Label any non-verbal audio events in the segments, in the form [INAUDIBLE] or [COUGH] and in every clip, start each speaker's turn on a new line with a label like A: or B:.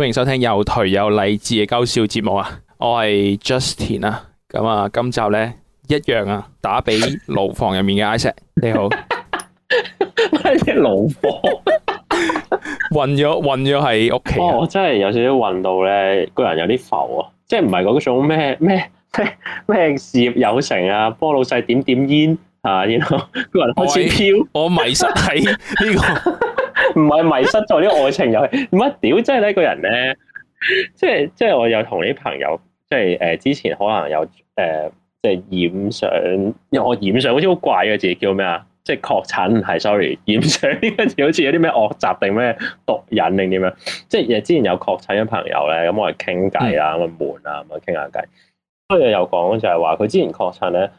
A: 歡迎收聽又頹又勵志嘅搞笑節目啊！我係 Justin 啊，咁啊，今集咧一樣啊，打俾牢房入面嘅 Isaac，你好。
B: 咩嘢牢房？混咗混咗喺屋企，我真係有少少混到咧，個人有啲浮啊，即係唔係嗰種咩咩咩事業有成啊，幫老細點點煙啊，然後個人開始飄，我迷失喺呢個。唔係 [LAUGHS] 迷失咗啲愛情遊戲，乜屌即係呢個人咧，即係即係我有同啲朋友，即係誒、呃、之前可能有誒、呃、即係染上，因為我染上好似好怪嘅字，叫咩啊？即係確診係，sorry，染上呢個字好似有啲咩惡習定咩毒癮定點樣？即係之前有確診嘅朋友咧，咁、嗯、我哋傾偈啦，咁啊悶啊，咁啊傾下偈，不過又講就係話佢之前確診咧，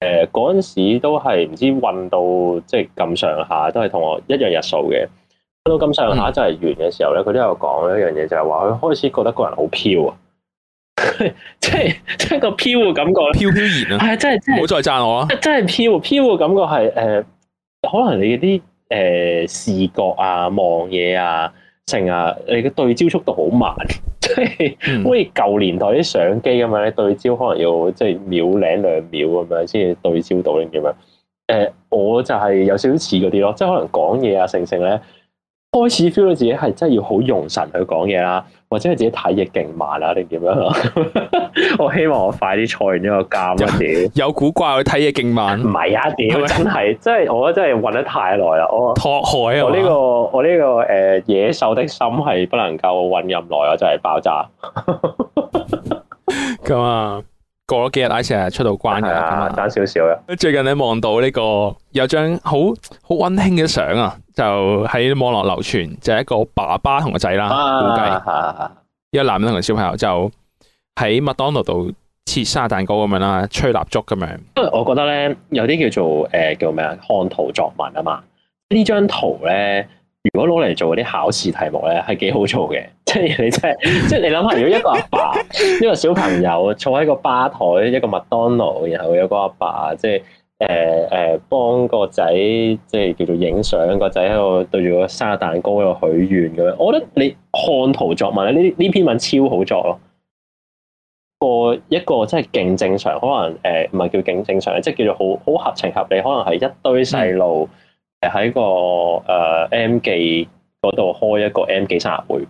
B: 誒嗰陣時都係唔知混到即係咁上下，都係同我一樣日數嘅。到咁上下真係完嘅時候咧，佢都、嗯、有講一樣嘢，就係話佢開始覺得個人好飄啊，即係即係個飄嘅感覺，飄飄然啊，係真係真係，唔好再讚我啊！真係飄飄嘅感覺係誒、呃，可能你啲誒、呃、視覺啊，望嘢啊，成啊，你嘅對焦速度好慢，即係好似舊年代啲相機咁樣咧，你對焦可能要即係秒零兩秒咁樣先至對焦到咁樣。誒、呃，我就係有少少似嗰啲咯，即係可能講嘢啊，成成咧。開始 feel 到自己係真係要好用神去講嘢啦，或者係自己睇嘢勁慢啦。定點樣咯？ [LAUGHS] 我希望我快啲坐完呢個監、啊。有古怪，睇嘢勁慢。唔係啊，點真係、這個這個呃？真係我真係運得太耐啦。我拓海啊，我呢個我呢個誒野獸的心係不能夠運任耐啊，就係爆炸。咁 [LAUGHS] 啊！過咗幾日，啊，還
A: 是係出到關噶，爭少少啦。點點，最近你望到呢，這個有張好好溫馨嘅相啊，就喺網絡流傳，就係、是、一個爸爸同個仔啦，估計一個男人同個小朋友就喺麥當勞度切生日蛋糕咁樣啦，吹蠟燭咁
B: 樣。因為我覺得咧，有啲叫做誒、呃、叫咩啊，看圖作文啊嘛，張呢張圖咧。如果攞嚟做啲考試題目咧，係幾好做嘅。即係你真係即係即係你諗下，如果一個阿爸，爸， [LAUGHS] 一個小朋友坐喺個吧台，一個麥當勞，然後有一個阿爸，爸，即係誒誒幫個仔，即係叫做影相，個仔喺度對住個生日蛋糕喺度許願咁樣。我覺得你看圖作文咧，呢呢篇文超好作咯。一個一個真係勁正常，可能誒唔係叫勁正常，即係叫做好好合情合理，可能係一堆細路。嗯喺個誒 M 記嗰度開一個 M 記生日會。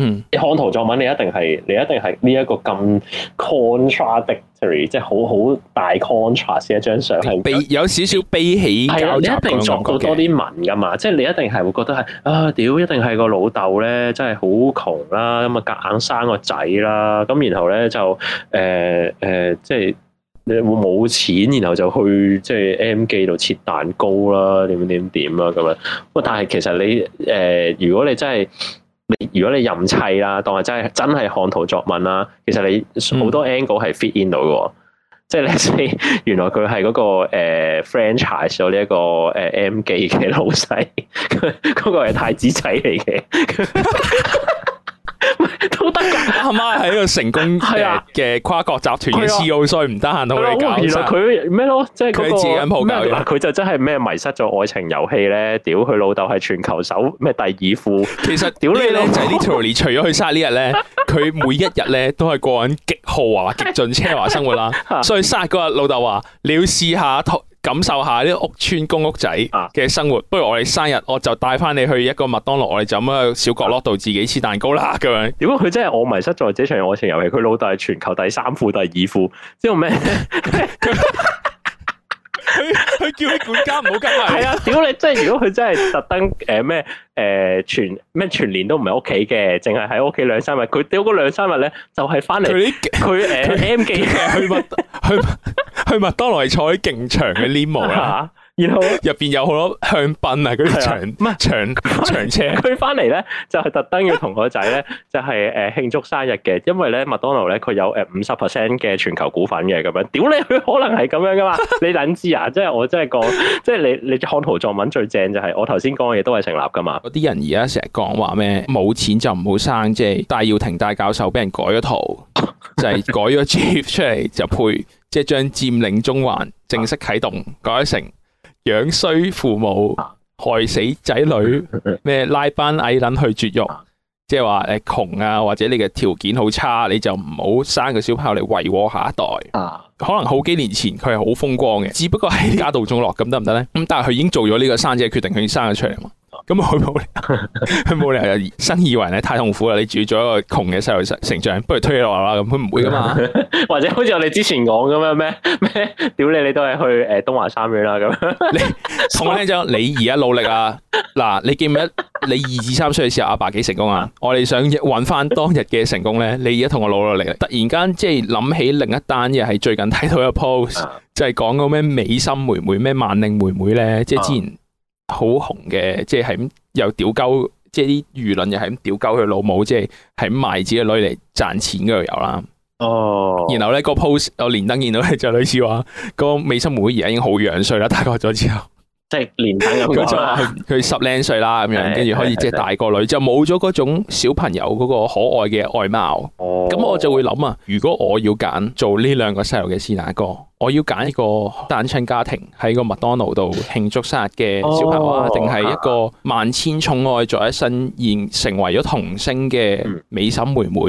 B: 嗯，你看圖作文你，你一定係、啊、你一定係呢一個咁 contradictory，即係好好大 contrast 一張相，係悲有少少悲喜。係你一定作到多啲文噶嘛，即係你一定係會覺得係啊，屌，一定係個老豆咧，真係好窮啦，咁啊，夾硬生個仔啦，咁然後咧就誒誒、呃呃，即係。你會冇錢，然後就去即係 M 記度切蛋糕啦，點點點啊咁樣。不過但係其實你誒、呃，如果你真係你，如果你任砌啦，當係真係真係看圖作文啦，其實你好多 angle 係 fit in 到嘅。即係你睇，原來佢係嗰個、呃、franchise 咗呢一個誒 M 記嘅老細，嗰個係太子仔嚟嘅。
A: [LAUGHS] 都得噶，阿媽
B: 係一個成功嘅跨國集
A: 團嘅 CEO 所以唔得閒同你搞。其實佢
B: 咩咯？即係佢自己緊鋪教，佢就真係咩迷失咗愛情遊戲咧？屌佢老豆係全球首咩第二富。其
A: 實屌你靚仔，literally 除咗去殺呢日咧，佢 [LAUGHS] 每一日咧都係過緊極豪華、極盡奢華生活啦。 [LAUGHS] 所以殺嗰日老豆話：你要試下感受下啲屋村公屋仔嘅生活，不如我哋生日，我就帶翻你去一個麥當勞，我哋就咁樣小角落度自己切蛋糕啦，咁
B: 樣。如果佢真係我迷失在這場愛情遊戲，佢老豆係全球第三富，第二富，即係咩？ [LAUGHS] [LAUGHS] [LAUGHS] 佢 [LAUGHS] 叫你管家唔好跟埋。係啊，屌你！即係如果佢真係特登誒咩誒全咩全年都唔喺屋企嘅，淨係喺屋企兩三日。佢屌嗰兩三日咧就係翻嚟佢啲佢誒 M 記去麥去
A: 去麥當勞坐喺勁長嘅 limo 啦、 [LAUGHS] 啊？然後入邊有好多香檳啊，
C: 嗰啲長
B: 咩、啊、長麼長車佢翻嚟咧，就係特登要同個仔咧，就係誒慶祝生日嘅，因為咧麥當勞咧佢有誒五十 percent 嘅全球股份嘅咁樣，屌你佢可能係咁樣噶嘛？你點知啊？ [LAUGHS] 即係我真係講，即係你你看圖作文最正就係我頭先講嘅嘢，都係成立噶嘛？嗰啲人而家成日講話咩冇錢就唔好生啫，戴耀
A: 廷戴教授俾人改咗圖，就係、是、改咗 Jeep 出嚟就配，即係將佔領中環正式啟動改咗成。 [LAUGHS] 養衰父母害死仔女，咩拉班矮撚去絕育，即係話誒窮啊，或者你嘅條件好差，你就唔好生個小朋友嚟遺禍下一代。啊，可能好幾年前佢係好風光嘅。 [LAUGHS] 只不過係家道中落，咁得唔得咧？咁 [LAUGHS] 但係佢已經做咗呢個生仔嘅決定，佢已經生咗出嚟。
B: 咁佢冇，佢冇 [LAUGHS] 理
A: 由生以為咧太痛苦啦。你住咗一個窮嘅細路成長，不如推落啦咁，佢唔會噶嘛。
B: [LAUGHS] 或者好似我哋之前講咁樣咩咩，屌你，你都係去誒東華三院啦咁。
A: 我呢張你而家努力啊！嗱，你記唔記得你二至三歲嘅時候，阿爸幾成功啊？我哋想搵翻當日嘅成功咧，你而家同我努努嚟。突然間即係諗起另一單嘢，係最近睇到一個 post，就係講嗰咩美心妹妹，咩萬寧妹妹咧，即係之前。好紅嘅，即係咁又屌鳩，即係啲輿論又係咁屌鳩佢老母，即係喺賣自己女嚟賺錢嗰度有啦。哦，oh. 然後咧、那個 post 我連登見到咧就是、類似話、那個美心妹而家已經好樣衰啦，大個咗之後，即係連登咁佢 [LAUGHS] 十靚歲啦咁樣，跟住可以即係大個女就冇咗嗰種小朋友嗰個可愛嘅外貌。哦，咁我就會諗啊，如果我要揀做呢兩個細路嘅師奶哥。」我要揀一個單親家庭喺個麥當勞度慶祝生日嘅小朋友啊，定係、哦、一個萬千寵愛在一身現成為咗童星嘅美心妹妹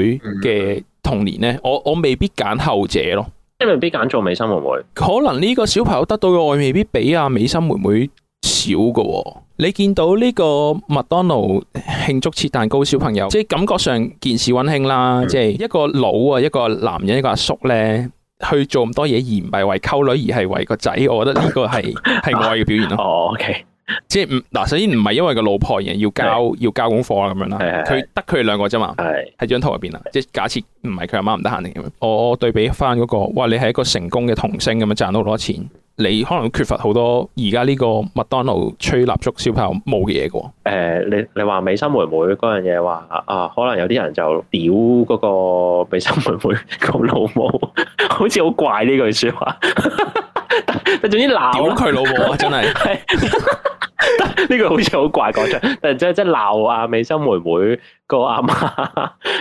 A: 嘅童年呢？我我未必揀後者咯，即係未必揀做美心妹妹。可能呢個小朋友得到嘅愛未必比阿美心妹妹少噶。你見到呢個麥當勞慶祝切蛋糕小朋友，即係感覺上件事溫馨啦。嗯、即係一個老啊，一個男人，一個阿叔呢。去做咁多嘢，而唔係為溝女，而係為個仔。我覺得呢個係係愛嘅表現咯。哦，O K，即係嗱，首先唔係因為個老婆而要交 [LAUGHS] 要交功課啊咁樣啦。佢得佢哋兩個啫嘛。係。喺張圖入邊啊，即係假設唔係佢阿媽唔得閒定咁樣。我對比翻嗰、嗰個，哇！你係一個成功嘅童星，咁樣賺到好多錢。你可能缺乏好多而家呢個麥當勞吹蠟燭燒炮
B: 冇嘅嘢喎。誒，你你話美心妹妹嗰樣嘢話啊，可能有啲人就屌嗰個美心妹妹個老母， [LAUGHS] 好似好怪呢句説話。你 [LAUGHS] 總之鬧佢老母就係。真 [LAUGHS] 呢 [LAUGHS] 個好似好怪講出，但係即係即係鬧阿美心妹妹個阿媽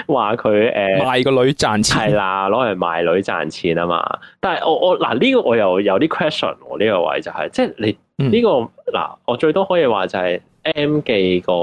B: 話佢誒賣個女賺錢係啦，攞嚟賣女賺錢啊嘛。但係我我嗱呢、這個我又有啲 question 喎，呢個位就係、是、即係你呢、這個嗱，嗯、我最多可以話就係、是。M 記個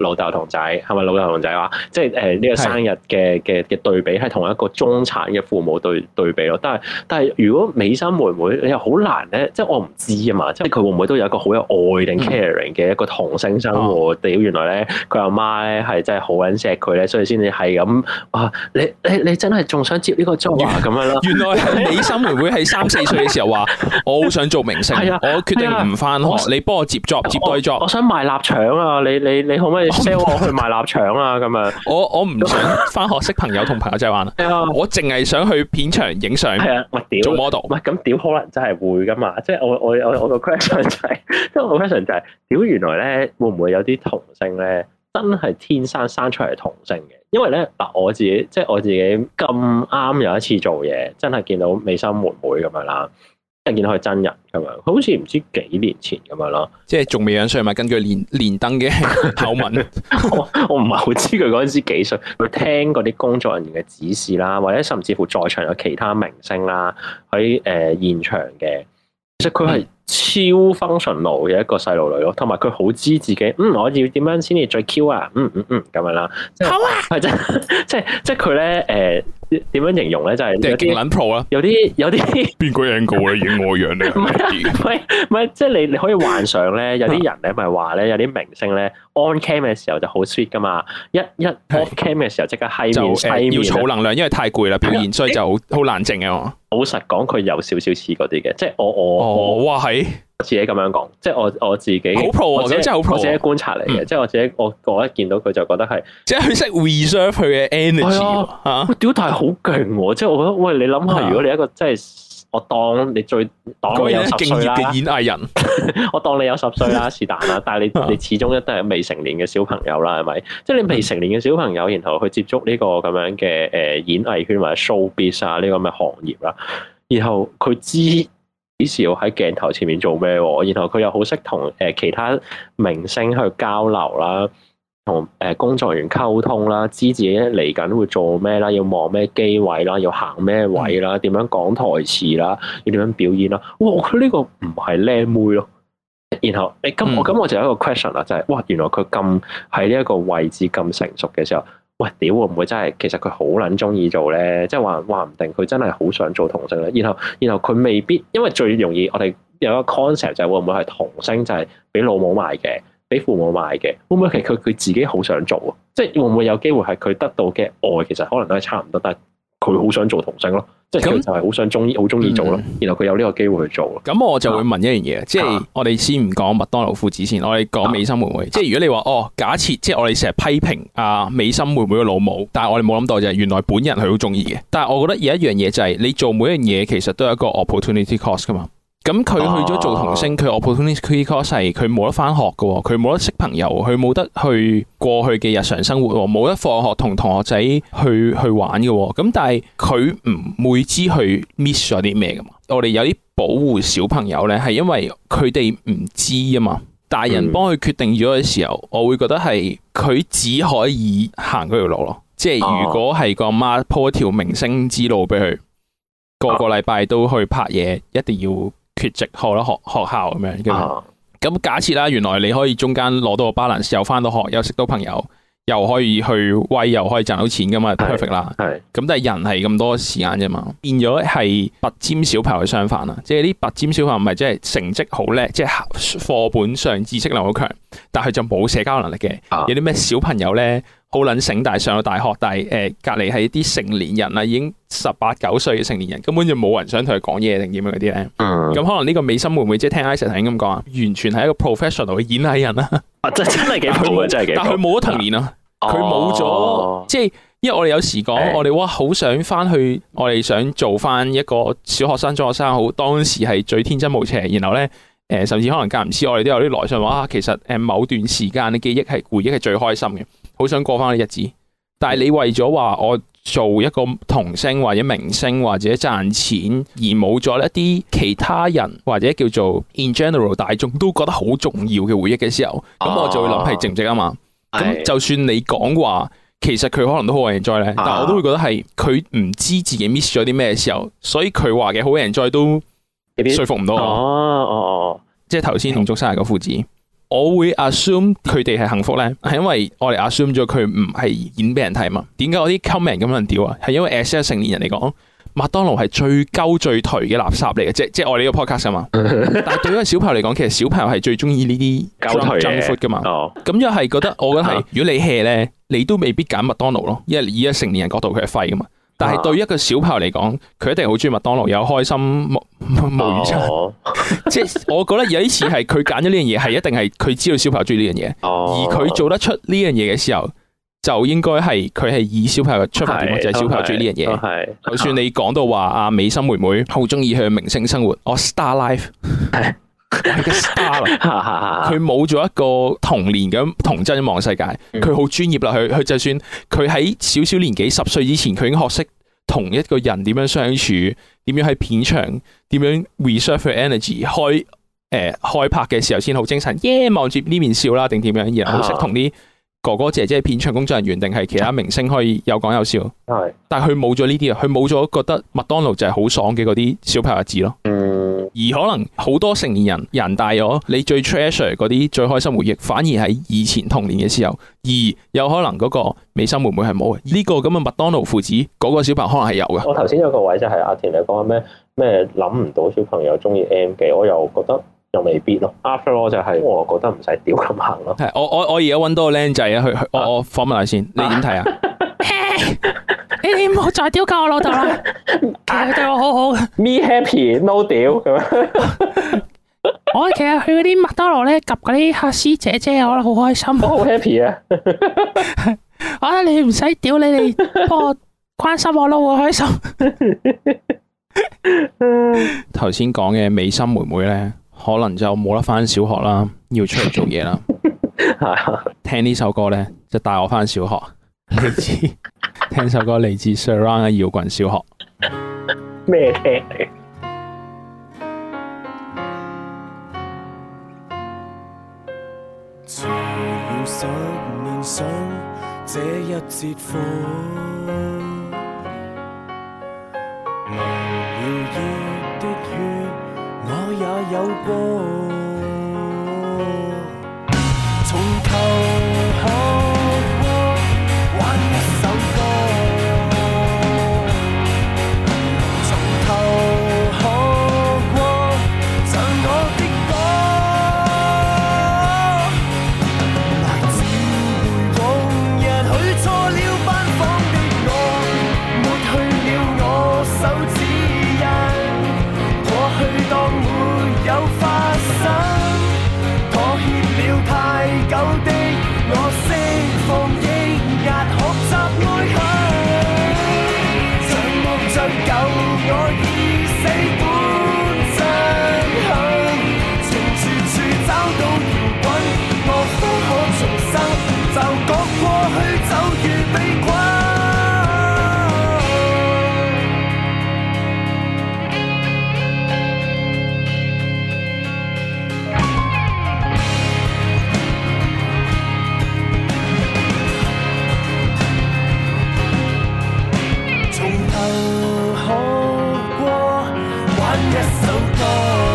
B: 老豆同仔，係咪老豆同仔話？即係誒呢個生日嘅嘅嘅對比，係同一個中產嘅父母對對比咯。但係但係，如果美心妹妹，你又好難咧，即係我唔知啊嘛。即係佢會唔會都有一個好有愛定 caring 嘅一個童星生活？屌、嗯，原來咧，佢阿媽咧係真係好撚錫佢咧，所以先至係咁。哇！你你你真係仲想接呢個 job 咁樣咯，原來美心
A: 妹妹喺三四歲嘅時候話： [LAUGHS] 我好想做明星，啊、我決定唔翻學，啊哦、你幫我接作接對作，作我。我想賣臘腸啊！你你你可唔可以 sell 我去買臘腸啊？咁樣！我我唔想翻學，識朋友同朋友仔玩。啊！我淨係想去片場影 [LAUGHS] 相。係啊！我屌做 model。唔係咁屌，
B: 可能真係會噶嘛？即係我我我我個 question 就係、是，即係我個 question 就係屌，原來咧會唔會有啲同性咧，真係天生生出嚟同性嘅？因為咧嗱，我自己即係我自己咁啱有一次做嘢，真係見到美心妹妹咁樣啦。東西見到佢真人咁樣，佢好似唔知幾年前咁樣咯，即係仲未樣衰咪，根據連連登嘅口吻，我我唔係好知佢陣時幾歲，佢聽嗰啲工作人員嘅指示啦，或者甚至乎在場有其他明星啦喺誒現場嘅，即係佢係超 function 佬嘅一個細路女咯，同埋佢好知自己，嗯，我要點樣先至最 Q 啊，嗯嗯嗯咁樣啦，好啊，係真，即係即係佢咧誒。點樣形容咧？就係有啲有啲邊個 angle 咧影外樣咧？唔係唔係唔係，即係你你可以幻想咧，有啲人咧咪話咧，有啲明星咧 on cam 嘅時候就好 sweet 噶嘛，一一 off cam 嘅時候即刻嗨面，要儲能
A: 量，因為太攰啦，表現，所以就好好冷靜啊。老實講，佢有少少似
B: 嗰啲嘅，即係我我我哇係。自己咁樣講，即係我我自己，好好或者觀察嚟嘅，即係我自己，我我一見到佢就覺得係，即係
A: 佢識 reserve 佢嘅 energy，
B: 我屌但係好勁喎！即係我覺得，喂，你諗下，如果你一個即係我當你最，佢呢啲敬業嘅演藝人，我當你有十歲啦，是但啦，但係你你始終都係未成年嘅小朋友啦，係咪？即係你未成年嘅小朋友，然後去接觸呢個咁樣嘅誒演藝圈或者 showbiz 啊呢個咁嘅行業啦，然後佢知，幾時要喺鏡頭前面做咩？然後佢又好識同誒其他明星去交流啦，同誒工作人員溝通啦，知自己嚟緊會做咩啦，要望咩機位啦，要行咩位啦，點樣講台詞啦，要點樣表演啦？哇！我覺得呢個唔係靚妹咯。然後誒，咁、欸、我咁、嗯、我就有一個 question 啦、就係，就係哇，原來佢咁喺呢一個位置咁成熟嘅時候。喂，屌，會唔會真係其實佢好撚中意做咧？即係話話唔定佢真係好想做童星咧。然後然後佢未必，因為最容易我哋有一個 concept 就係會唔會係童星，就係俾老母賣嘅，俾父母賣嘅，會唔會其實佢佢自己好想做？即係會唔會有機會係佢得到嘅愛，其實可能都係差唔多，但係佢好想做童星咯。即係佢就係好想中意好中意做咯，嗯、然後佢有呢個機會去做。
A: 咁我就會問一樣嘢，啊、即係我哋先唔講麥當勞父子先，我哋講美心妹妹。啊、即係如果你話哦，假設即係我哋成日批評阿、啊、美心妹妹嘅老母，但係我哋冇諗到就係原來本人係好中意嘅。但係我覺得有一樣嘢就係、是、你做每一樣嘢其實都有一個 opportunity cost 噶嘛。咁佢去咗做童星，佢我普通啲 course 係佢冇得返學嘅、哦，佢冇得識朋友，佢冇得去過去嘅日常生活、哦，冇得放學同同學仔去去玩嘅、哦。咁但係佢唔會知去 miss 咗啲咩噶嘛？我哋有啲保護小朋友咧，係因為佢哋唔知啊嘛。大人幫佢決定咗嘅時候，嗯、我會覺得係佢只可以行嗰條路咯。即係如果係個阿媽鋪一條明星之路俾佢，個個禮拜都去拍嘢，一定要。缺席學啦，學學校咁樣，咁、uh huh. 假設啦，原來你可以中間攞到個巴蘭，又返到學，又識到朋友，又可以去威，又可以賺到錢㗎嘛，perfect 啦。係，咁但係人係咁多時間啫嘛，變咗係拔尖小朋友相反啊，即係啲拔尖小朋友唔係即係成績好叻，即係課本上知識量好強，但係就冇社交能力嘅，uh huh. 有啲咩小朋友咧？好撚醒，但係上到大學，但係誒隔離係啲成年人啦，已經十八九歲嘅成年人，根本就冇人想同佢講嘢定點樣嗰啲咧。咁、嗯、可能呢個美心會唔會即係聽 Isaac 頭先咁講啊？完全係一個 professional 嘅演藝人啦。啊，真係幾好啊！他真係是幾好，但係佢冇咗童年咯，佢冇咗即係因為我哋有時講是的 我哋哇，好想返去，我哋想做返一個小學生、中學生，好當時係最天真無邪。然後咧誒，甚至可能間唔知，我哋都有啲內心話啊，其實誒某段時間嘅記憶係回憶係最開心嘅。好想過翻個日子，但係你為咗話我做一個童星或者明星或者賺錢，而冇咗一啲其他人或者叫做 in general 大眾都覺得好重要嘅回憶嘅時候，咁我就會諗係值唔值啊嘛。咁、啊、就算你講話其實佢可能都好 enjoy 咧，但我都會覺得係佢唔知自己 miss 咗啲咩嘅時候，所以佢話嘅好 enjoy 都說服唔到我，哦哦哦，啊、即係頭先同祝生日個父子。我會 assume 佢哋係幸福咧，係因為我哋 assume 咗佢唔係演俾人睇嘛。點解我啲 comment 咁樣屌啊？係因為 as a 成年人嚟講，麥當勞係最鳩最頹嘅垃圾嚟嘅，即係即係我哋呢個 podcast 啊嘛。 [LAUGHS] 但對於小朋友嚟講，其實小朋友係最中意呢啲鳩頹嘅嘛。咁又係覺得我覺得係，如果你 hea 咧，你都未必揀麥當勞咯。因為依家成年人角度，佢係廢噶嘛。但係對一個小朋友嚟講，佢一定好中意麥當勞有開心冇木、oh. [LAUGHS] 即係我覺得有一次係佢揀咗呢樣嘢，係一定係佢知道小朋友中意呢樣嘢，oh. 而佢做得出呢樣嘢嘅時候，就應該係佢係以小朋友出發點，就係、oh. 小朋友中意呢樣嘢。Okay . Oh. 就算你講到話阿美心妹妹好中意佢嘅明星生活，我、oh. star life。 [LAUGHS] Oh. 佢冇咗一個童年咁童真望世界，佢好專業啦。佢佢就算佢喺小小年紀十歲以前，佢已經學識同一個人點樣相處，點樣喺片場，點樣 reserve energy 開誒、呃、開拍嘅時候先好精神。耶，望住呢面笑啦，定點樣？而好識同啲。哥哥姐姐係片場工作人員，定係其他明星可以有講有笑，係，但係佢冇咗呢啲啊，佢冇咗覺得麥當勞就係好爽嘅嗰啲小朋友字咯，嗯，而可能好多成年人人大咗，你最 treasure 嗰啲最開心回憶，反而喺以前童年嘅時候，而有可能嗰個美心妹妹係冇嘅。呢個咁嘅麥當勞父子，嗰個小朋友可能係有嘅。我
B: 頭先有個位就係阿田你講咩咩諗唔到小朋友中意 M 記，我又覺得。又未必咯，after all，就係，我就覺得唔
A: 使屌咁行咯。係，我我我而家揾到個僆仔啊去去，我我訪問下先。你點睇啊？ [LAUGHS] hey, 你你唔好再屌鳩我老豆啦， [LAUGHS] 其實佢對我好好
B: Me happy，no 屌
C: 咁 [LAUGHS] 樣。
A: 我其實去嗰啲麥當勞咧，及嗰啲黑絲姐姐，我覺得好開心。我好 happy 啊！啊， [LAUGHS] 你唔使屌你哋，幫我關心我咯，開心。頭先講嘅美心妹妹咧。可能就冇得翻小學啦，要出嚟做嘢啦。係 [LAUGHS] 聽呢首歌咧，就帶我翻小學。嚟自 [LAUGHS] 聽首歌嚟自 Zarahn 嘅《搖滾小學》
C: 啊，咩聽？ [MUSIC] 走過。又好過，玩一首歌。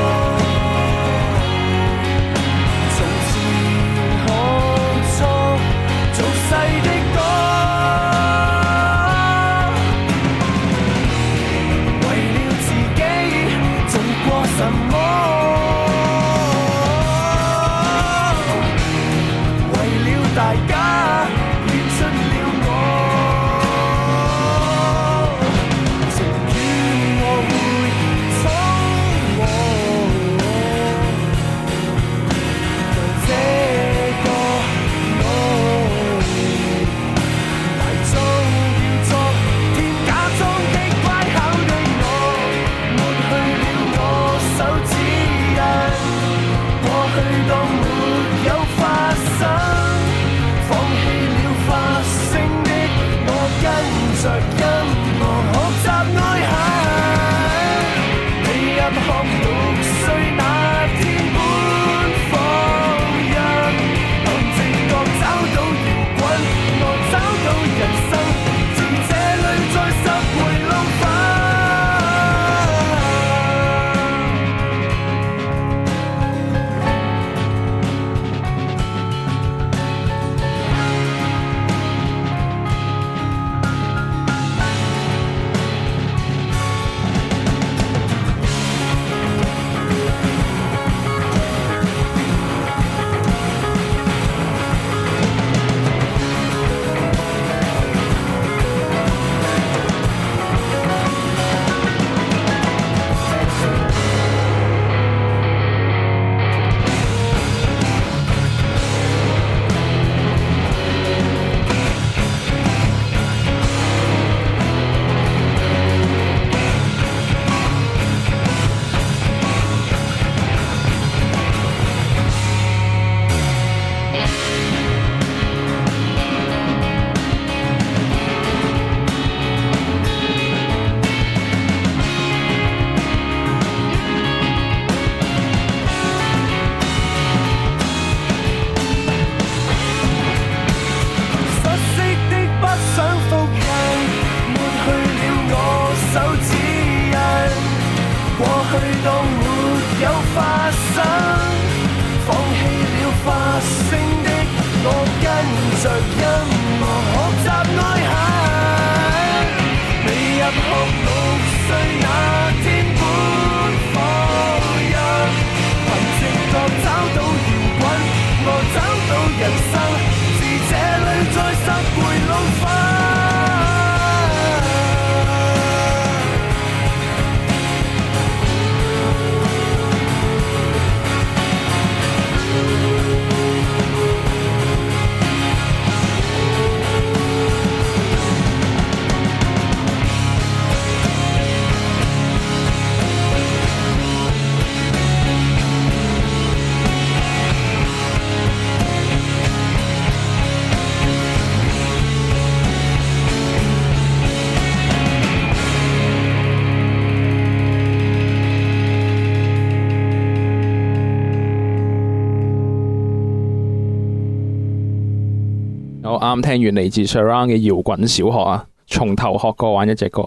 A: 聽完嚟自 Zarahn 嘅搖滾小學啊，從頭學過，玩一隻歌。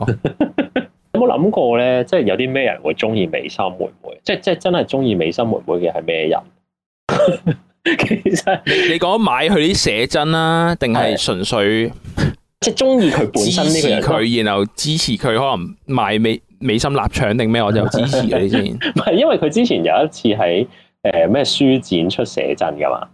B: 有冇諗過咧？即係有啲咩人會中意美心妹妹？即係即係真係中意美心妹妹嘅係咩人？ [LAUGHS] 其實你
A: 講買佢啲寫真啦，啊，定係純粹即係中意佢本身呢個人，然後支持佢，可能買美美心臘腸定咩，我就支持你先。
C: 唔
B: 係，因為佢之前有一次喺誒咩書展出寫真噶嘛。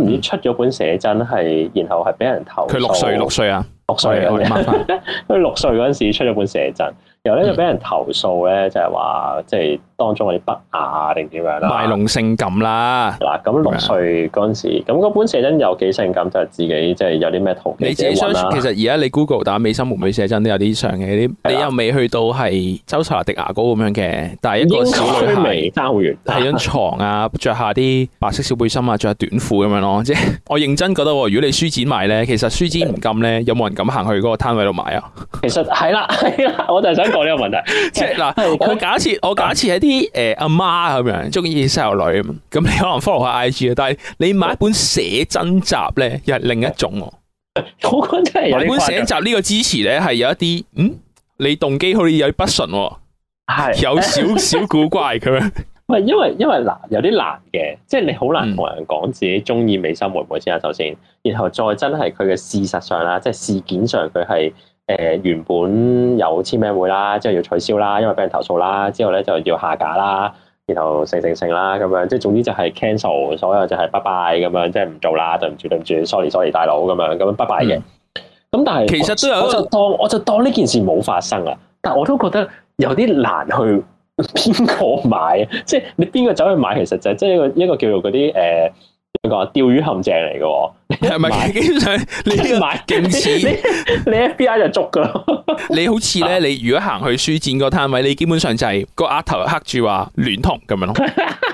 B: 唔知出咗本寫真，係然後係俾人投。佢六歲，六歲啊，六歲啊， [LAUGHS] 我麻煩。佢 [LAUGHS] 六歲嗰陣時出咗本寫真。然後咧就俾人投訴咧，就係話即係當中有啲不雅定點樣啦，賣弄性感啦。嗱，咁六歲嗰陣時，咁嗰的本寫真有幾性感，就係、是、自己即係、就是、有啲咩圖你自己相傳。其實而家你 Google 打美心妹妹寫真
A: 都有啲相嘅，啲你又未去到係周茶迪牙膏咁樣嘅，但係一個小女孩，係張床啊，着下啲白色小背心啊，着下短褲咁樣咯。即係我認真覺得，如果你書展買咧，其實書展唔禁咧，有冇人敢行去嗰個攤位度買啊？ [LAUGHS] 其實係啦，係啦，我就係想。我呢 [LAUGHS] 個問題， [LAUGHS] 即係嗱，佢假設、嗯、我假設係啲誒阿媽咁樣，中意細路女咁，咁你可能 follow 下 IG 啊，但係你買一本寫真集咧，又係另一種。我
C: 講真係，買本寫真
A: 集呢個支持咧，係有一啲嗯，你動機好似有啲不純，係有少少古怪咁
B: 樣。係因為因為難，有啲難嘅，即係你好難同人講自己中意美心會唔會先啊？首先，嗯、然後再真係佢嘅事實上啦，即係事件上佢係。誒原本有簽名會啦，即係要取消啦，因為畀人投訴啦，之後咧就要下架啦，然後成成成啦咁樣，即係總之就係 cancel，所有就係拜拜。咁樣，即係唔做啦，對唔住對唔住，sorry sorry 大佬咁樣，咁樣拜拜嘅。咁但係其實都有我，我就當我就當呢件事冇發生啊，但我都覺得有啲難去邊個買，即係你邊個走去買，其實就係即係一個一個叫做嗰啲誒。呃你講釣魚陷阱嚟嘅，係咪是基本上是 [LAUGHS] 你買鏡似你 [LAUGHS] 你，你 F B I 就捉噶，
A: [LAUGHS] 你好似咧，你如果行去書展個攤位，你基本上就係個額頭黑住話戀
B: 童咁樣咯，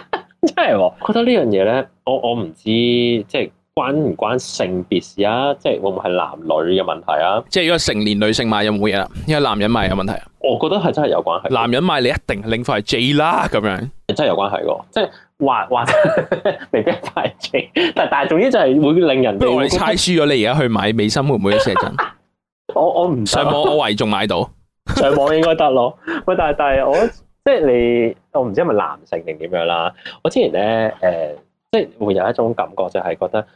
B: [LAUGHS] 真係、啊，我覺得呢樣嘢咧，我我唔知即係。關唔關性別事啊？即係會唔會係男女嘅問題啊？即係如果成年女性買有冇
A: 嘢啊？如果男人買有冇問題啊？我覺得係真係有關係。男人買你一定拎返嚟 J 啦，咁樣
B: 真係有關係嘅。即係或或者未必係 J，但但係總之就係會令人。不過你猜輸
A: 咗，你而家去買美心會唔會寫真？ [LAUGHS] 我我唔上網，我唯
B: 仲買到 [LAUGHS] 上網應該得咯。喂，但係但係我即係你，我唔知係咪男性定點樣啦。我之前咧誒、呃，即係會有一種感覺，就係覺得。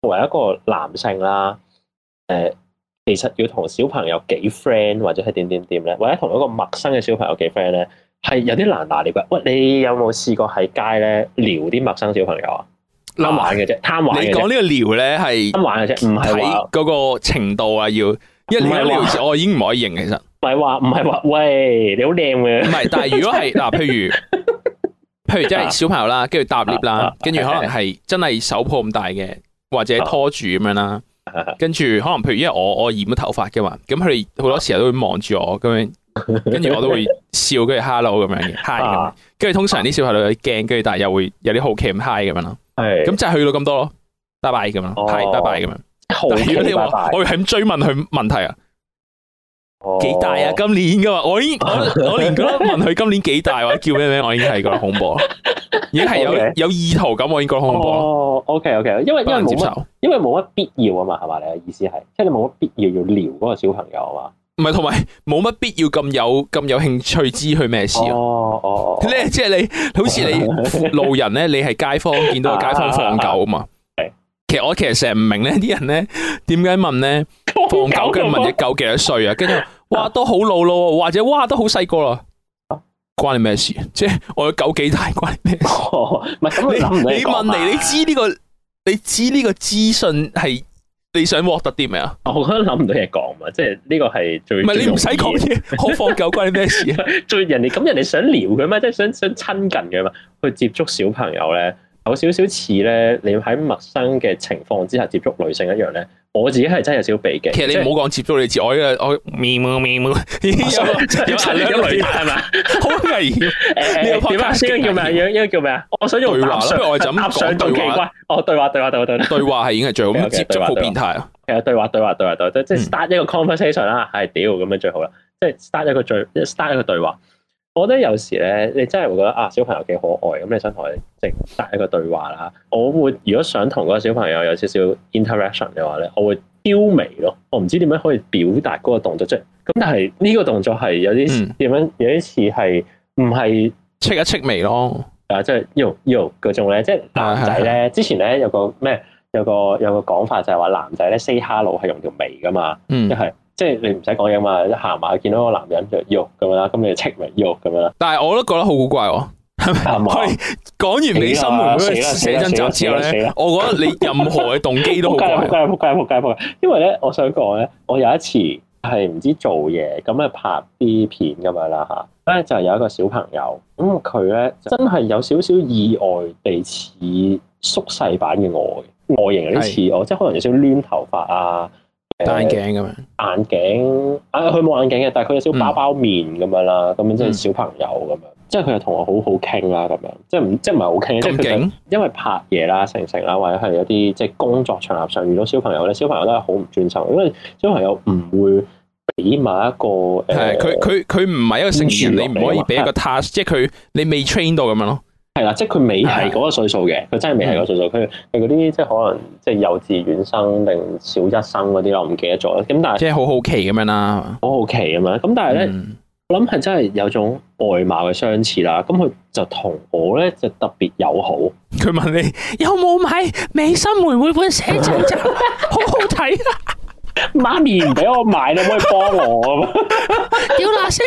B: 作為一個男性啦，誒，其實要同小朋友幾 friend 或者係點點點咧，或者同一個陌生嘅小朋友幾 friend 咧，係有啲難拿捏。喂，你有冇試過喺街咧聊啲陌生小朋友啊？貪玩嘅啫，貪玩。你講呢個聊咧
A: 係貪玩嘅啫，唔係話嗰個程度啊，要一,一聊聊，我已經唔可以認。其實
B: 唔係話，唔係話，喂，你好靚嘅。唔係，但係如果係嗱，譬
A: 如。 [LAUGHS] 譬如即係小朋友啦，跟住搭 lift 啦，跟住可能係真係手抱咁大嘅，或者拖住咁樣啦。跟住可能譬如因為我我染咗頭髮嘅嘛，咁佢哋好多時候都會望住我咁樣，跟住我都會笑，跟住 hello 咁樣嘅 hi 咁。跟住 [LAUGHS] 通常啲小朋友有啲驚，跟住但係又會有啲好奇咁 hi 咁樣咯。係的。咁就去到咁多咯 bye bye 咁咯，hi bye bye 咁樣。但係如果你話我會係咁追問佢問題啊？幾大啊？今年噶嘛？我已我我連問佢今年幾大或者
B: 叫咩名，我已經係覺得恐怖，已經係有 Okay. 有意圖咁，我應該恐怖。哦、oh，OK OK，因為因為唔接受，因為冇乜必要啊嘛，係嘛？你嘅意思係即係你冇乜必要要撩嗰個小朋友啊嘛？
A: 唔係同埋冇乜必要咁有咁有興趣知佢咩事哦哦，即係你，就是，你好似你路人咧，你係街坊見到個街坊放狗啊嘛？Oh, oh, oh, oh, oh. 其實我其實成日唔明呢啲人咧，點解問咧？放狗跟住問隻狗幾多歲啊？跟住哇都好老咯，或者哇都好細個咯。啊、關你咩事？即係我嘅狗幾大？關你咩
B: 事？
A: 唔係咁，你你問嚟，你知呢、這個你知呢個資訊係你想獲得啲咩啊？我覺得諗唔到嘢講嘛，即
B: 係呢個係最唔係是容你唔使講嘢，好，放狗關你咩事啊？最 [LAUGHS] 人哋咁人哋想撩佢咩？即係想想親近佢嘛，去接觸小朋友咧。有少少似咧，你要喺陌生嘅情況之下接觸女性一樣咧，我自己係真係有少避忌。其實你唔好
A: 講接觸你自我我嘅我面面，點啊？點啊？
B: 呢個叫咩？呢個叫咩啊？我想用對話啦，因為我就咁講對話。喂，哦，對話，對話，對對對。對話係已經係最好接觸好變態啊。其實對話，對話，對話，對話，即係 start 一個 conversation 啦。係屌咁樣最好啦，即係 start 一個最，即 start 一個對話。我覺得有時咧，你真係會覺得啊，小朋友幾可愛，咁你想同佢即係搭一個對話啦。我會如果想同嗰個小朋友有少少 interaction 嘅話咧，我會挑眉咯。我唔知點樣可以表達嗰個動作即係。咁但係呢個動作係有啲點樣？嗯、有啲似係唔係切一切眉咯。啊 you know，即係 Yo Yo 嗰種咧，即係男仔咧。之前咧有個咩？有個有個講法就係話男仔咧 say hello 係用條眉噶嘛，嗯，即係。即係你唔使講嘢嘛，一行埋見到個男人就喐咁樣啦，咁你就 c h 喐咁樣啦。但係我都覺得好古怪喎，係咪，
A: 講 [LAUGHS] [LAUGHS] [LAUGHS] 完你心門寫真之後咧， [LAUGHS] [LAUGHS] 我覺得你任何嘅動機都古怪。撲街
B: 撲街撲街撲！因為咧，我想講咧，我有一次係唔知做嘢咁啊，拍啲片咁樣啦吓。咁咧就係有一個小朋友，咁佢咧真係有少少意外地縮外外似縮細版嘅我，外形有啲似我，即係可能有少少攣頭髮啊。 [LAUGHS] 戴眼鏡咁樣，眼鏡啊，佢冇眼鏡嘅，但係佢有少包包面咁樣啦，咁樣、嗯、即係小朋友咁樣，即係佢又同我好好傾啦，咁樣，即係唔即係唔係好傾，因為拍嘢啦，成成啦，或者係有啲即係工作場合上遇到小朋友咧，小朋友都係好唔專心，因為小朋友唔會俾埋一個，係佢佢
A: 佢唔係一個成人，你個 ask，嗯，你唔可以俾一個 task，即係佢
B: 你未 train 到咁樣咯。係啦，即係佢未係嗰個歲數嘅，佢對真係未係嗰個歲數。佢係嗰啲即係可能即係幼稚園生定小一生嗰啲我唔記得咗。咁但係即係好好奇咁樣啦，好好奇咁樣。咁但係咧，嗯、我諗係真係有種外貌嘅相似啦。咁佢就同我咧就係、特別友好。
A: 佢問你 [LAUGHS] 有冇買《美心妹妹本寫真集》會會帖帖帖帖，好好睇啊！ [LAUGHS]
B: 媽咪唔俾我買，你可唔可以
C: 幫我啊？
A: 屌，阿星，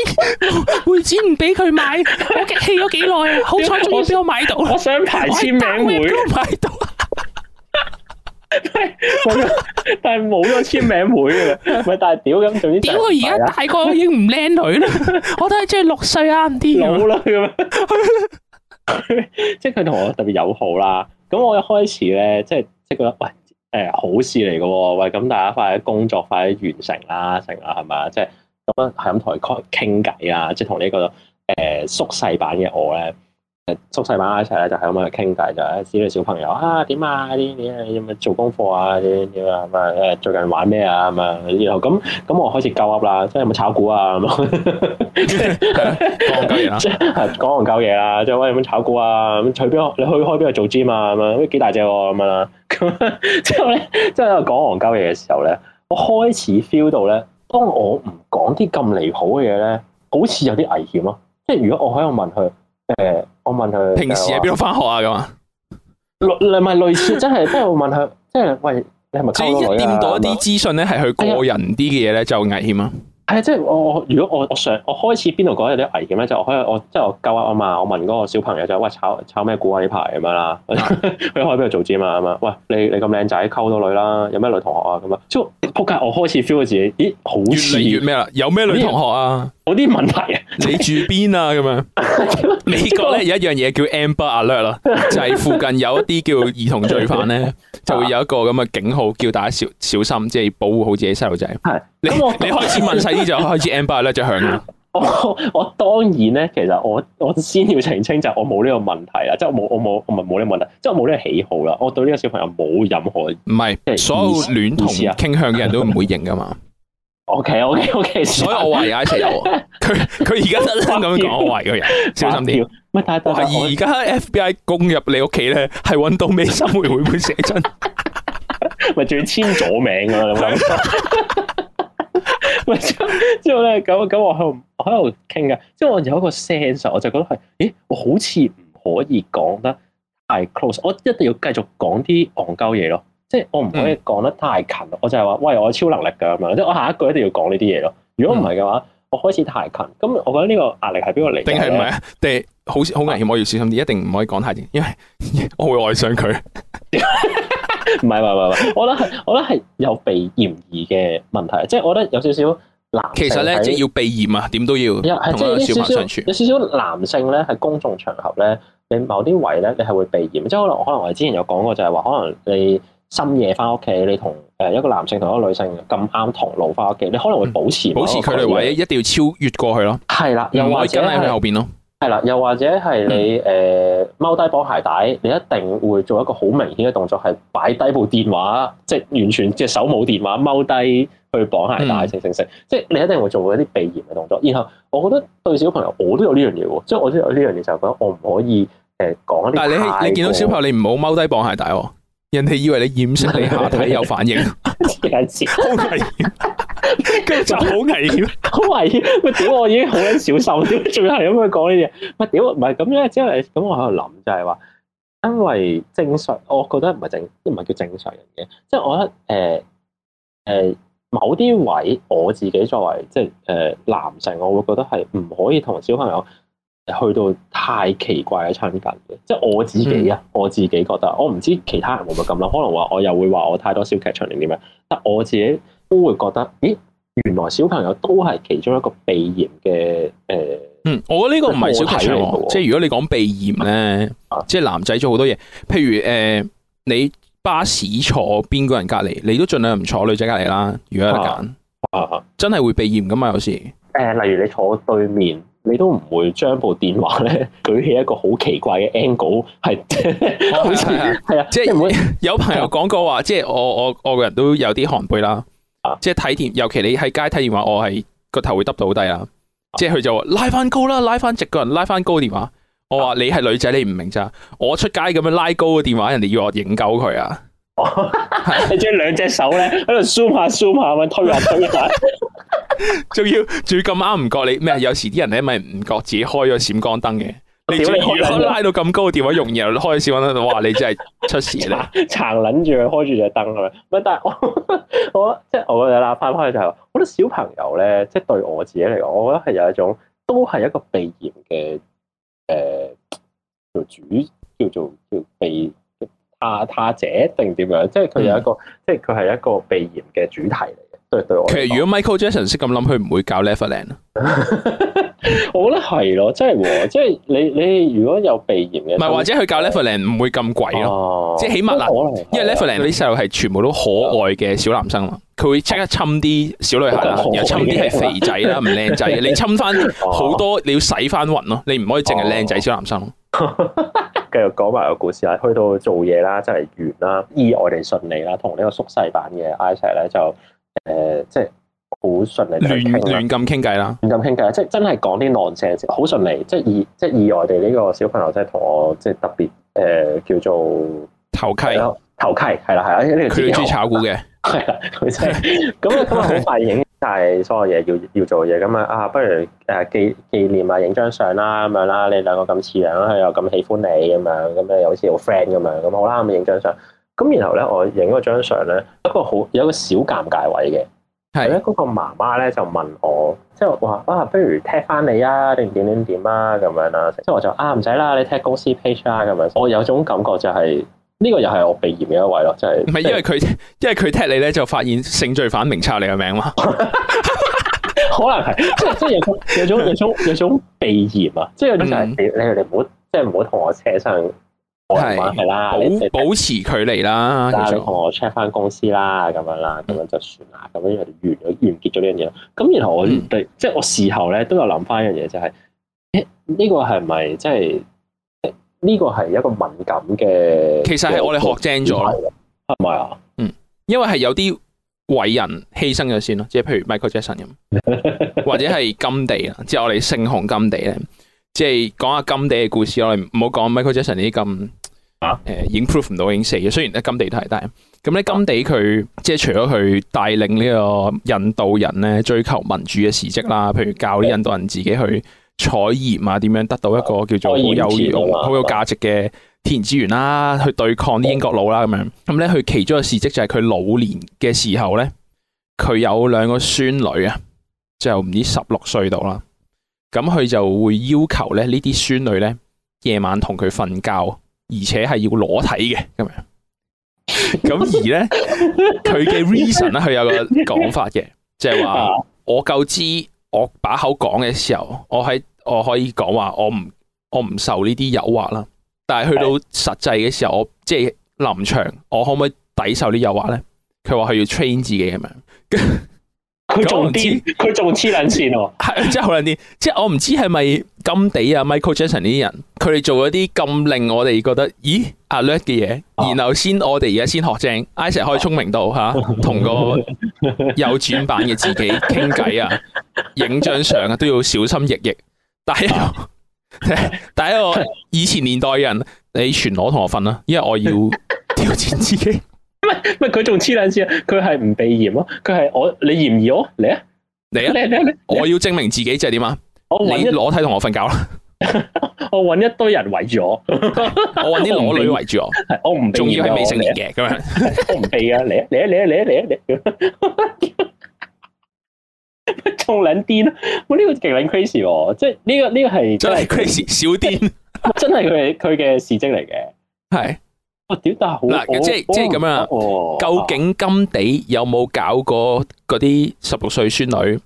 A: 會展唔俾佢買，我激氣咗幾耐啊！好彩仲終於我買到我，我想排簽名會，我買到。
B: [LAUGHS] 但係冇咗簽名會啊！咪但係屌咁，總之屌佢而家大個已
A: 經唔靚女啦，我都係中意六歲啊啲。老女
B: 咁啊！即係佢同我特別友好啦。咁我一開始咧，即係即係覺得喂。誒、呃，好事嚟嘅、哦，喂，咁大家快啲工作，快啲完成啦、啊，成日係咪，即係咁樣，係咁同佢傾偈啊，即係同、這個呃、呢個誒縮細版嘅我咧。宿舍班一齊咧，就係咁樣傾偈，就是、小啊，之類小朋友啊，點啊，啲啲，有冇做功課啊，啲啲啊，咁啊，最近玩咩啊咁啊，然後咁咁，我開始鳩 up 啦，即係有冇炒股啊咁樣，講完啦，即係講完交易啦，即係喂有冇炒股啊，咁去邊，你去開邊度做 gym 啊咁樣，幾大隻喎咁樣啦，之後咧，即係喺度講完交易嘅時候咧，我開始 feel 到咧，當我唔講啲咁離譜嘅嘢咧，好似有啲危險咯、啊，即係如果我喺度問佢。誒，我問佢平時喺邊度翻學啊？咁啊，類咪類似，真係不過我問佢， [LAUGHS] 即係喂，你係咪？所以一掂到一啲資
A: 訊咧，係佢個人啲嘅嘢咧，就危險啊！
B: 係啊，即係我如果我我上我開始邊度覺得有啲危險咧，就是、我開我即係我溝啊嘛，我問嗰個小朋友就是、喂，炒炒咩股啊？呢排咁樣啦，佢開邊度做兼啊？咁樣，喂，你你咁靚仔，溝到女啦，有咩女同學啊？咁啊，即撲街！我開始 feel 到自己，咦，好似越嚟越咩
A: 啦？有咩女同學啊？我啲問題、啊，你住邊啊？咁樣 [LAUGHS] 美國咧有一樣嘢叫 amber alert 啦， [LAUGHS] 就係附近有一啲叫兒童罪犯咧， [LAUGHS] 就會有一個咁嘅警號，叫大家小小心，即係保護好自己細路仔。係 [LAUGHS] 你 [LAUGHS] 你開始問細啲 [LAUGHS] 就開始 amber alert 就響啦。
B: 我我當然咧，其實我我先要澄清就係我冇呢個問題啦，即係我冇我冇，唔係冇呢個問題，即係我冇呢個喜好啦。我對呢個小朋友冇任何。
A: 唔係所有戀童傾向嘅人都唔會認噶嘛。
B: O K O K O K，所以我懷疑 I C 有佢
A: 佢而家真真咁樣講，我懷疑個人， [LAUGHS] 小心啲。
B: 乜太多？而
A: 家 F B I 攻入你屋企咧，係揾到咩？會會唔會寫真？
B: 咪仲要簽咗名噶啦？咁樣。之後咧咁咁我喺度喺度傾噶，之後我有一個 sense，我就覺得係，咦，我好似唔可以講得太 close，我一定要繼續講啲戇鳩嘢咯，即係我唔可以講得太近，我就係話喂，我有超能力噶咁樣，即係我下一句一定要講呢啲嘢咯。如果唔係嘅話，我開始太近，咁我覺得呢個壓力係邊個嚟？定係唔係啊？定係
A: 好，好危險，我要小心啲，一定唔可以講太近，因為我會愛上佢。 [LAUGHS]
B: 唔係，唔係，唔係，我覺得係，我覺得係有避嫌疑嘅問題，即係我覺得有少少男性，其實咧，即要避嫌啊，點都要同小華相處有少少，有少少男性咧，係公眾場合咧，你某啲位咧，你係會避嫌，即係可能，可能我之前有講過就，就係話可能你深夜翻屋企，你同誒一個男性同一個女性咁啱同路翻屋企，你可能會保持距離，嗯、保持佢哋位，一
A: 定要超越過去咯。
B: 係、嗯、啦，唔可以跟喺你後邊咯。係啦，又或者係你誒踎低綁鞋帶，你一定會做一個好明顯嘅動作，係擺低部電話，即係完全隻手冇電話，踎低去綁鞋帶，成成成，即係你一定會做一啲避嫌嘅動作。然後我覺得對小朋友我我，我都有呢樣嘢喎，所以我都有呢樣嘢就係覺得，我唔可以誒、呃、講一啲。但係你你見到小朋友，
A: 你唔好踎低綁鞋帶喎、啊。人哋以為你掩飾你下體有反應，
B: 好 [LAUGHS] 次 [LAUGHS] [LAUGHS] 危險，跟住就好危險，好危險。咪屌，我已經好鬼小心，仲要係咁樣講呢嘢？咪屌，唔係咁樣。之後咁我喺度諗，就係話，因為正常，我覺得唔係正，唔係叫正常人嘅，即、就、係、是、我咧，誒、呃、誒、呃，某啲位我自己作為，即係誒、呃、男性，我會覺得係唔可以同小朋友。去到太奇怪嘅餐近，即係我自己啊！嗯、我自己覺得，我唔知其他人會唔會咁啦。可能話我又會話我太多小劇場定點樣，但我自己都會覺得，咦，er, 原來小朋友都係其中一個避嫌嘅誒。呃、嗯，我覺得呢個唔係小劇場，即係
A: 如果你講避嫌咧，啊、即係男仔做好多嘢，譬如誒、呃，你巴士坐邊個人隔籬，你都盡量唔坐女仔隔籬啦。如果有得揀，啊啊、真係會
B: 避嫌噶嘛？有時誒、嗯呃呃，例如你坐對面。對對對對你都唔會將部電話咧舉起一個好奇怪嘅 angle，係，係啊，即係有朋友
A: 講過話，即係我我我個人都有啲寒背啦，即係睇電，尤其你喺街睇電話，我係個頭會耷到好低啦。即係佢就話拉翻高啦，拉翻直個人，拉翻高電話。我話你係女仔，你唔明咋？我出街咁樣拉高個電話，人哋要我拯救佢啊！
B: 你將兩隻手咧喺度 zoom 下 zoom 下，咁推 [LAUGHS] 下，下推下。推下推下 [LAUGHS]
A: 仲 [LAUGHS] 要仲要咁啱唔覺你咩？有時啲人咧咪唔覺自己開咗閃光燈嘅，你最拉到咁高嘅電話，用完又開閃光燈，哇！你真係出事啦，
B: 殘捻住開住隻燈咁樣。唔係，但係我 [LAUGHS] 我即係我嗱翻翻去就係、是，我覺得小朋友咧，即係對我自己嚟講，我覺得係有一種都係一個避嫌嘅誒，做、呃、主叫做叫避怕阿者定點樣，即係佢有一個，嗯、即係佢係一個避嫌嘅主題嚟。其實如果
A: Michael Jackson 識咁諗，佢唔會教 Neverland 啊！
B: 我覺得係咯，即係即係你你如果有鼻炎嘅，唔係或者
A: 佢教 Neverland 唔會咁貴咯，即係起碼啦，因為 Neverland 嗰啲細路係全部都可愛嘅小男生，佢會即刻侵啲小女孩，又親啲係肥仔啦，唔靚仔，你親翻好多，你要洗翻匀咯，你唔可以淨係靚仔小男生。
B: 繼續講埋個故事啦，去到做嘢啦，真係完啦，意外定順利啦，同呢個縮細版嘅 Iset 咧就。誒、呃，即係好順利，亂亂咁傾偈啦，亂咁傾偈啦，即係真係講啲爛正，好順利，即係意即係意外地呢個小朋友真係同我即係特別誒、呃，叫做頭契，頭契係啦係啦，佢中意炒股嘅，係啦，佢真係咁啊咁啊，好 [LAUGHS] 快影晒所有嘢 [LAUGHS] 要要做嘢，咁啊啊，不如誒紀紀念啊，影張相啦咁樣啦，你兩個咁似樣，佢又咁喜歡你咁樣，咁樣又好似好 friend 咁樣，咁好啦，咁影張相。咁然後咧，我影咗張相咧，一個好有一個小尷尬位嘅是，係咧嗰個媽媽咧就問我，即我，即係話啊，不如踢翻你啊，定點點點啊，咁樣啦，即係我就啊唔使啦，你踢公司 page 啊，咁樣。我有種感覺就係、是、呢、這個又係我避嫌嘅一位咯，即、啊、係，唔、就、係、
A: 是、因為佢，因為佢貼你咧就發現性罪犯名冊你嘅名嘛，
B: 可能係，即係即係有種有種有種有種避嫌啊，即係有啲就係、是 mm. 你你你唔好，即係唔好同我扯上。係，係啦，保保持距離啦，想同實我 check 翻公司啦，咁樣啦，咁樣就算啦，咁樣完咗，完結咗呢樣嘢啦。咁然後我哋，嗯、即係我事後咧都有諗翻一樣嘢，就係呢個係咪即係呢個係一個敏感嘅？其實係我哋學精咗咯，唔係啊，嗯，
A: 因為係有啲偉人犧牲咗先咯，即係譬如 Michael Jackson 咁， [LAUGHS] 或者係甘地啊，即、就、係、是、我哋聖雄甘地咧，即係講下甘地嘅故事，我哋唔好講 Michael Jackson 呢啲咁。誒，prove 唔到，已經死嘅。雖然咧甘地都係，但係咁咧，甘地佢即係除咗佢帶領呢個印度人咧追求民主嘅事蹟啦，譬如教啲印度人自己去採鹽啊，點樣得到一個叫做好有好有價值嘅天然資源啦，去對抗啲英國佬啦，咁樣咁咧。佢、嗯、其中嘅事蹟就係佢老年嘅時候咧，佢有兩個孫女啊，就唔知十六歲度啦。咁佢就會要求咧呢啲孫女咧夜晚同佢瞓覺。而且係要裸體嘅咁樣，咁 [LAUGHS] 而咧佢嘅 reason 咧，佢有個講法嘅，就係、是、話我夠知我把口講嘅時候，我喺我可以講話我唔我唔受呢啲誘惑啦。但係去到實際嘅時候，我即係臨場，我可唔可以抵受啲誘惑咧？佢話佢要 train 自己咁樣。是 [LAUGHS] 佢仲黐，佢仲黐捻線喎，係即係好捻啲，即係我唔知係咪金地啊 Michael Jackson 呢啲人，佢哋做咗啲咁令我哋覺得咦阿叻嘅嘢，然後先、啊、我哋而家先學正，Ish 可以聰明到吓，同、啊、個有轉版嘅自己傾偈啊，影張相啊都要小心翼翼，但係 [LAUGHS] [LAUGHS] 但係我以前年代人，你全裸同我瞓啦，因為我要
B: 挑戰自己。 [LAUGHS] 唔佢仲黐兩次啊！佢係唔避嫌咯，佢係我你嫌唔嫌我嚟啊嚟啊嚟嚟！我
A: 要證明自己即係點啊！我攞一裸體同我瞓覺啦！
B: 我揾一堆人圍住我，
C: 我揾啲裸女圍住我。我唔中意係未成年嘅咁樣，
B: 我唔避啊！嚟啊嚟啊嚟啊嚟啊嚟啊！仲撚癲啊！我呢個勁撚 crazy 喎，即係呢個呢個係真係 crazy 小癲，真係佢佢嘅事蹟嚟嘅係。嗱、嗯，即係即係咁樣，
A: 哦，究竟，甘地有冇搞過嗰啲十六歲孫女、嗯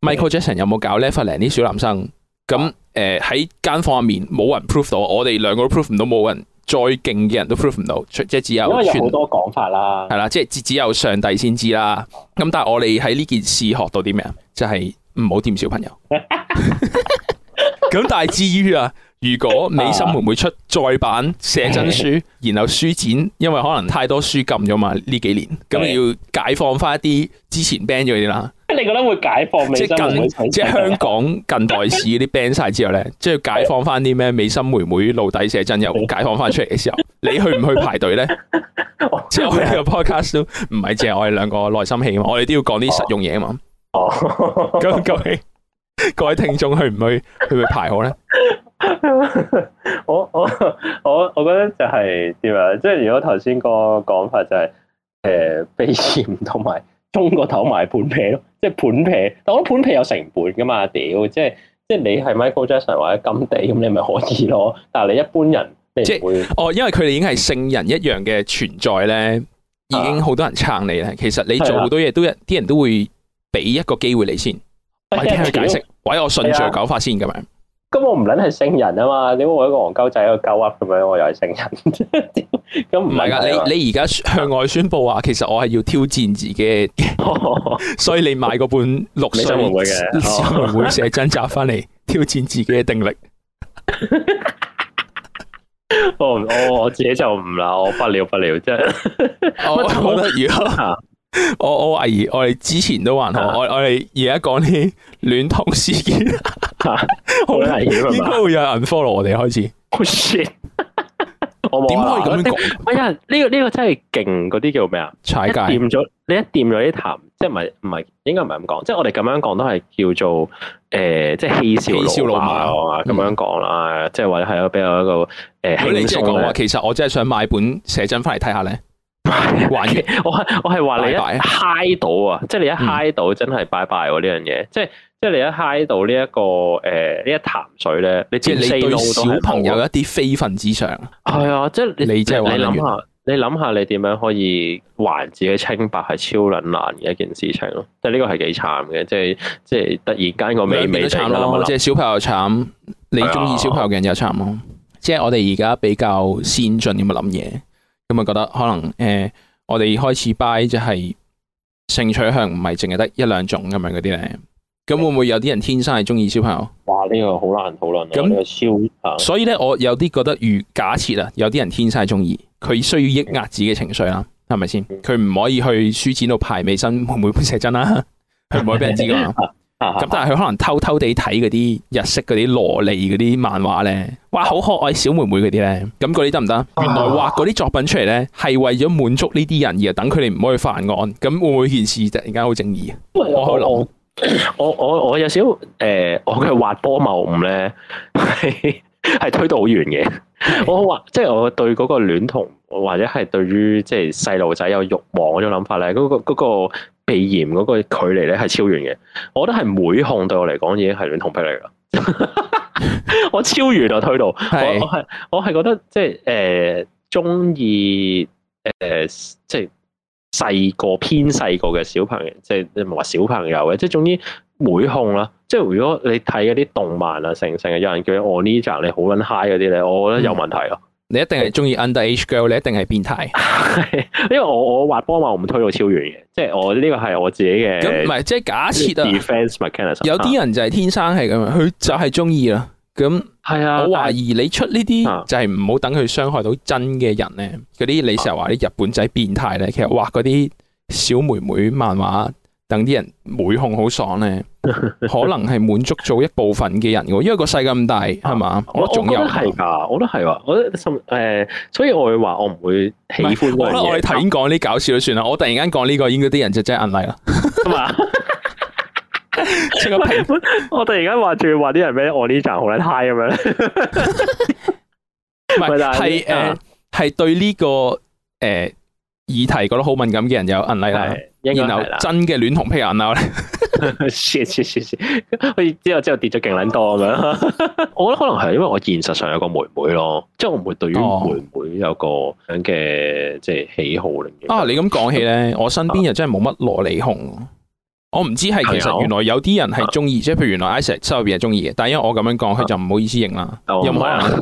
A: ？Michael Jackson 有冇搞 Neverland 啲小男生？咁誒喺間房入面冇人 proof 到，我哋兩個 proof 唔到，冇人再勁嘅人都 proof 唔到，即係只有好多講法啦。係啦，即係只只有上帝先知啦。咁但係我哋喺呢件事學到啲咩？就係唔好掂小朋友。 [LAUGHS] 咁 [LAUGHS] 但係至於啊，如果美心妹妹出再版寫真書，然後書展，因為可能太多書禁咗嘛呢幾年，咁 [LAUGHS] 要解放翻一啲之前 ban 咗啲啦。
B: 你覺得會解放
A: 咩，即近，即香港近代史啲 ban 晒之後咧，即要解放翻啲咩美心妹妹露底寫真又解放翻出嚟嘅時候，你去唔去排隊咧？
C: 即 [LAUGHS] [LAUGHS] [LAUGHS] [LAUGHS] [LAUGHS] 我呢
A: 個 podcast 都唔係淨係我哋兩個內心戲啊嘛，我哋都要講啲實用嘢啊嘛。
C: 咁恭喜。
A: 各位聽眾去唔去去去排好咧 [LAUGHS] ？
B: 我我我我覺得就係點樣？即係如果頭先個講法就係、是、誒，悲炎同埋中個頭埋盤皮咯，即係盤皮。但係我諗盤皮有成本㗎嘛？屌，即係即係你係 Michael Jackson 或者金地咁，你咪可以咯。但係你一般人會即係
A: 哦，因為佢哋已經係聖人一樣嘅存在咧，已經好多人撐你啦。啊、其實你做好多嘢、啊、都人啲人都會俾一個機會你先。我聽佢解釋，喂，我順序搞法先咁樣。
B: 咁我唔捻係聖人啊嘛，點解我一個戇鳩仔一個鳩 up 咁樣，我又係聖人？
A: 咁唔係噶，你你而家向外宣布話，其實我係要挑戰自己， [LAUGHS] 哦、所以你買嗰本六歲小朋友嘅寫真集翻嚟挑戰自己嘅定力。
B: 我 [LAUGHS] 我、哦、我自己就唔啦，我不了不了，即係
A: 我我覺得如果。 [LAUGHS] 我我懷疑我哋之前都還好，啊、我我哋而家講啲戀童事件，好 [LAUGHS] 危險應該會有人 follow 我哋開始。
B: [LAUGHS] 我冇點可以咁樣講？哎呀，呢、這個呢、這個真係勁，嗰啲叫咩啊？踩界街。掂咗你一掂咗啲痰，即係唔係唔係，應該唔係咁講。即係我哋咁樣講都係叫做誒、呃，即係嬉笑怒罵啊咁樣講啦，嗯、即係話係一
A: 比較一個誒。如果你真係講話，其實我真係想買本寫真翻嚟睇下咧。
B: 玩嘅，我係我係話你一嗨到啊，即係你一嗨到真係拜拜喎呢樣嘢，即係即係你一嗨到呢一個誒呢一潭水咧，即係你對小朋友一
A: 啲非分之想，係啊，即係你你諗下，
B: 你諗下你點樣可以還自己清白係超撚難嘅一件事情咯，即係呢個係幾慘嘅，即係即係突然間個美美哋諗，即係小朋友慘，你中意小朋
A: 友嘅人又慘咯，即係我哋而家比較先進咁樣諗嘢。咁咪覺得可能誒、呃，我哋開始 buy 就係性取向唔係淨係得一兩種咁樣嗰啲咧。咁會唔會有啲人天生係中意小朋友？哇，呢、這個好難討論。咁那所以咧，我有啲覺得如，如假設啊，有啲人天生係中意，佢需要抑壓自己嘅情緒啦，係咪先？佢唔可以去書展度排尾身，會唔會搬寫真啦、啊？佢 [LAUGHS] 唔可以俾人知噶。 [LAUGHS] 咁但係佢可能偷偷地睇嗰啲日式嗰啲蘿莉嗰啲漫畫咧，哇，好可愛小妹妹嗰啲咧，咁嗰啲得唔得？原來畫嗰啲作品出嚟咧，係為咗滿足呢啲人而等佢哋唔可以犯案，咁會唔會件事突然間好正義啊？我我我
B: 我我有少誒、呃，我嘅滑坡謬誤咧係推到好遠嘅，我滑即係我對嗰個戀童或者係對於即係細路仔有慾望嗰種諗法咧，嗰個，嗰個鼻炎嗰個距離咧係超遠嘅，我覺得係妹控對我嚟講已經係亂同劈嚟啦。我超遠就推到，我係我係覺得、呃呃、即係誒中意誒即係細個偏細個嘅小朋友，即係唔係小朋友嘅，即係總之妹控啦。即係如果你睇嗰啲動漫啊，成成日有人叫 Oni 醬，你 Oni 你好撚嗨」嗰啲咧，我覺得有問題咯。嗯你
A: 一定係中意 Underage Girl，你一定係變態。
B: [LAUGHS] 因為我畫我畫波畫，我唔推到超遠嘅， [LAUGHS] 即係我呢個係我自己嘅。咁唔係，即係假設啊。Defense Mechanism, 有啲
A: 人就係天生係咁樣，佢就係中意啦。咁係啊。我懷疑你出呢啲是就係唔好等佢傷害到真嘅人咧。嗰啲你成日話啲日本仔變態咧，其實畫嗰啲小妹妹漫畫。等啲人每控好爽咧，可能係滿足咗一部分嘅人嘅，因為個世界咁大，係嘛？我我都係噶，
B: 我都係喎，我心誒，所以我會話我唔會喜歡。我哋頭先
A: 講啲搞笑都算啦，我突然間講呢個，應該啲人就真係 unlike 啦，
B: 係嘛？個皮膚，我突然間話仲要話啲人咩我呢盞好靚胎咁樣，
A: 唔係誒係對呢個誒議題覺得好敏感嘅人有 unlike 然後真嘅戀紅屁眼啦，是是是
B: 是，之後之後跌咗勁撚多咁樣，我覺得可能係因為我現實上有個妹妹咯，即係我唔會對於妹妹有個咁嘅、哦、即係喜好嚟嘅。啊，你
A: 咁講起咧， [LAUGHS] 我身邊又真係冇乜蘿莉控。我唔知係，其實原來有啲人係中意，即係譬如原來 Isaac 收入邊係中意嘅，但係因為我咁樣講，佢就唔好意思認啦，又唔可能，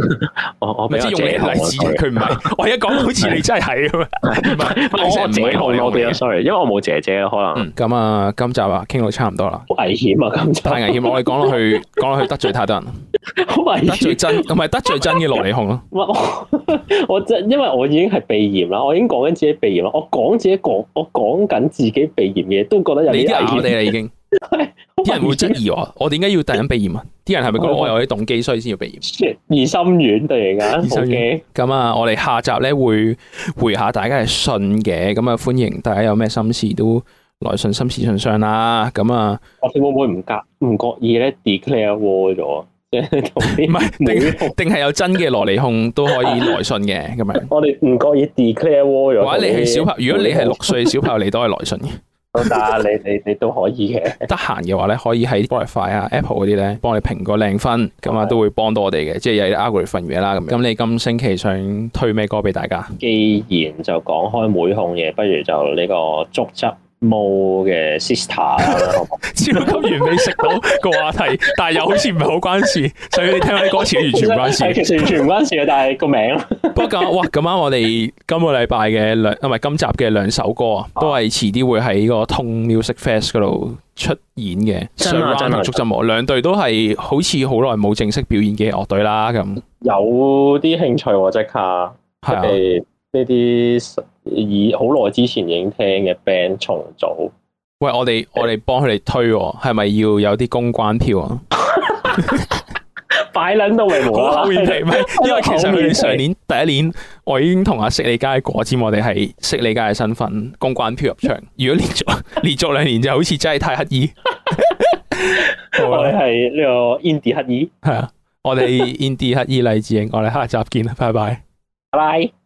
B: 我我知係用你嘅例子，佢唔係我一講好似你真係係，唔係我唔會紅我嘅 sorry，因為我冇姐姐可能。
A: 咁啊，今集啊，傾到差唔多啦，好危險啊今集，太危險，我哋講落去，講落去得罪太多人，好危險，得罪真同埋得罪真嘅落
C: 尼控咯。唔
B: 係我真因為我已經係鼻炎啦，我已經講緊自己鼻炎啦，我講自己講我講緊自己鼻炎嘅嘢，都覺得有啲危險。你啦，已經啲人會
A: 質疑我， [LAUGHS] 我點解要突然避嫌？啲人係咪覺得我有啲動機，所以先要避嫌？疑心軟突然間，疑心軟。咁啊 Okay，我哋下集咧會回下大家係信嘅。咁啊，歡迎大家有咩心事都來信，心事信箱啦。咁啊，
B: 我哋會唔會唔覺唔覺意咧 declare war 咗？即唔係，定定係有真嘅
A: 蘿莉控都可以來信嘅。咁啊
B: [LAUGHS] 我哋唔覺意 declare war 咗。或者你係小朋，如果你係六
A: 歲小朋友 [LAUGHS] 你都係來信嘅。都得， [LAUGHS] 你你你都可以嘅。得閒嘅話咧，可以喺 Spotify 啊、Apple 嗰啲咧，幫你評個靚分，咁啊都會幫到我哋嘅。即係有啲 algorithm 嘢啦。咁，咁你今星期想推咩歌俾大家？
B: 既然就講開妹控嘢，不如就呢個觸執。冇嘅 sister，超級完美食到個話題，但係又好似唔係好關事。所以你聽下啲歌詞，完全唔關事，其實完全唔關事啊！但係個名
A: 不過，哇，咁啱我哋今個禮拜嘅兩，唔係今集嘅兩首歌啊，都係遲啲會喺個 Tone Music Fest 嗰度出演嘅。真馬振民族音樂，兩隊都係好似好耐冇正式表演嘅樂隊啦。咁
B: 有啲興趣喎，即係呢啲。以好耐之前影聽嘅 band 重組，
A: 喂，我哋我哋幫佢哋推，係咪要有啲公關票啊？
B: 擺卵到嚟冇口面皮咩？因為其實佢上年
A: 第一年，我已經同阿悉利佳果簽，我哋係悉利佳嘅身份公關票入場。如果連續連續兩年就好似真係太乞衣。
B: 我哋係呢個 indie 乞衣，係啊，
A: 我哋 indie 乞衣黎志英，我哋下集見啦，拜拜，
C: 拜拜。